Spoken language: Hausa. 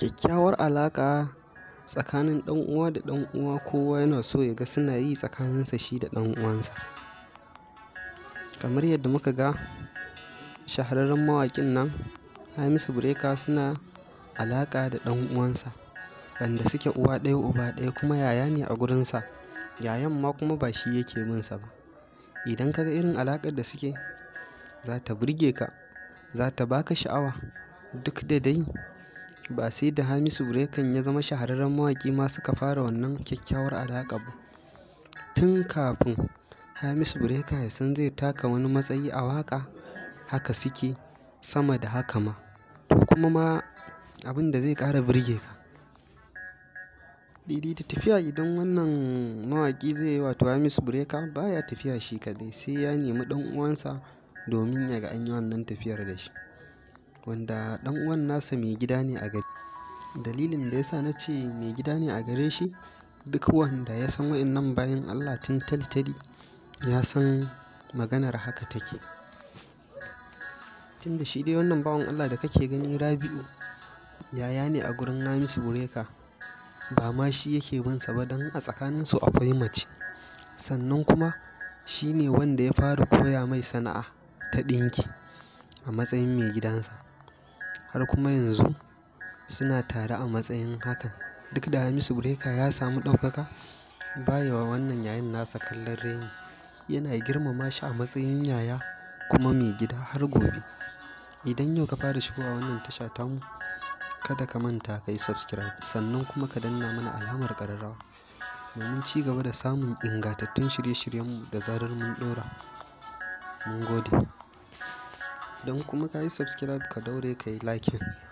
Kyakkyawar alaƙa tsakanin ɗan uwa da ɗan uwa kowa yana so ya ga suna yi tsakaninsa shi da ɗan uwansa. Kamar yadda muka ga shahararren mawakin nan Hamisu breka suna alaƙa da ɗan uwansa wanda suke uwa ɗaya uba ɗaya kuma yaya ne a gurinsa. Yayan ma kuma ba shi yake binsa ba. Idan ka ga irin alaƙar da suke, za ta burge ka, za ta baka sha'awa duk da dai ba sai da Hamisu Breakan ya zama shahararren mawaƙi ma suka fara wannan kyakkyawar alaƙa ba. Tun kafin Hamisu Breaker ya san zai taka wani matsayi a waƙa, haka suke sama da haka ma. To kuma ma abin da zai ƙara birge ka. Daidai ta tafiya idan wannan mawaƙi zai yi wato Hamisu ba baya tafiya shi kadai sai ya nemi ɗan uwansa domin ya ga an yi wannan tafiyar da shi. wanda dan uwan nasa mai gida ne a gare dalilin da yasa na ce mai gida ne a gare shi duk wanda ya san wa'innan bayan Allah tun talitali ya san maganar haka take tun da shi dai wannan bawan Allah da kake gani rabi'u yaya ne a gurin hamisu bureka ba ma shi yake binsa ba don a tsakaninsu akwai mace sannan kuma shi ne wanda ya fara koya mai sana'a ta ɗinki a matsayin mai gidansa har kuma yanzu suna tare a matsayin hakan. Duk da Hamisu breka ya samu ɗaukaka, baya wannan yayin nasa kallon reni. Yana girmama shi a matsayin yaya kuma mai gida har gobe. Idan yau ka fara shigowa wannan tasha tamu, kada ka manta ka yi subscribe sannan kuma ka danna mana alamar ƙararrawa domin ci gaba da samun ingantattun shirye-shiryenmu da zarar mun ɗora. Mun gode. don kuma ka yi subscribe ka daure ka yi liking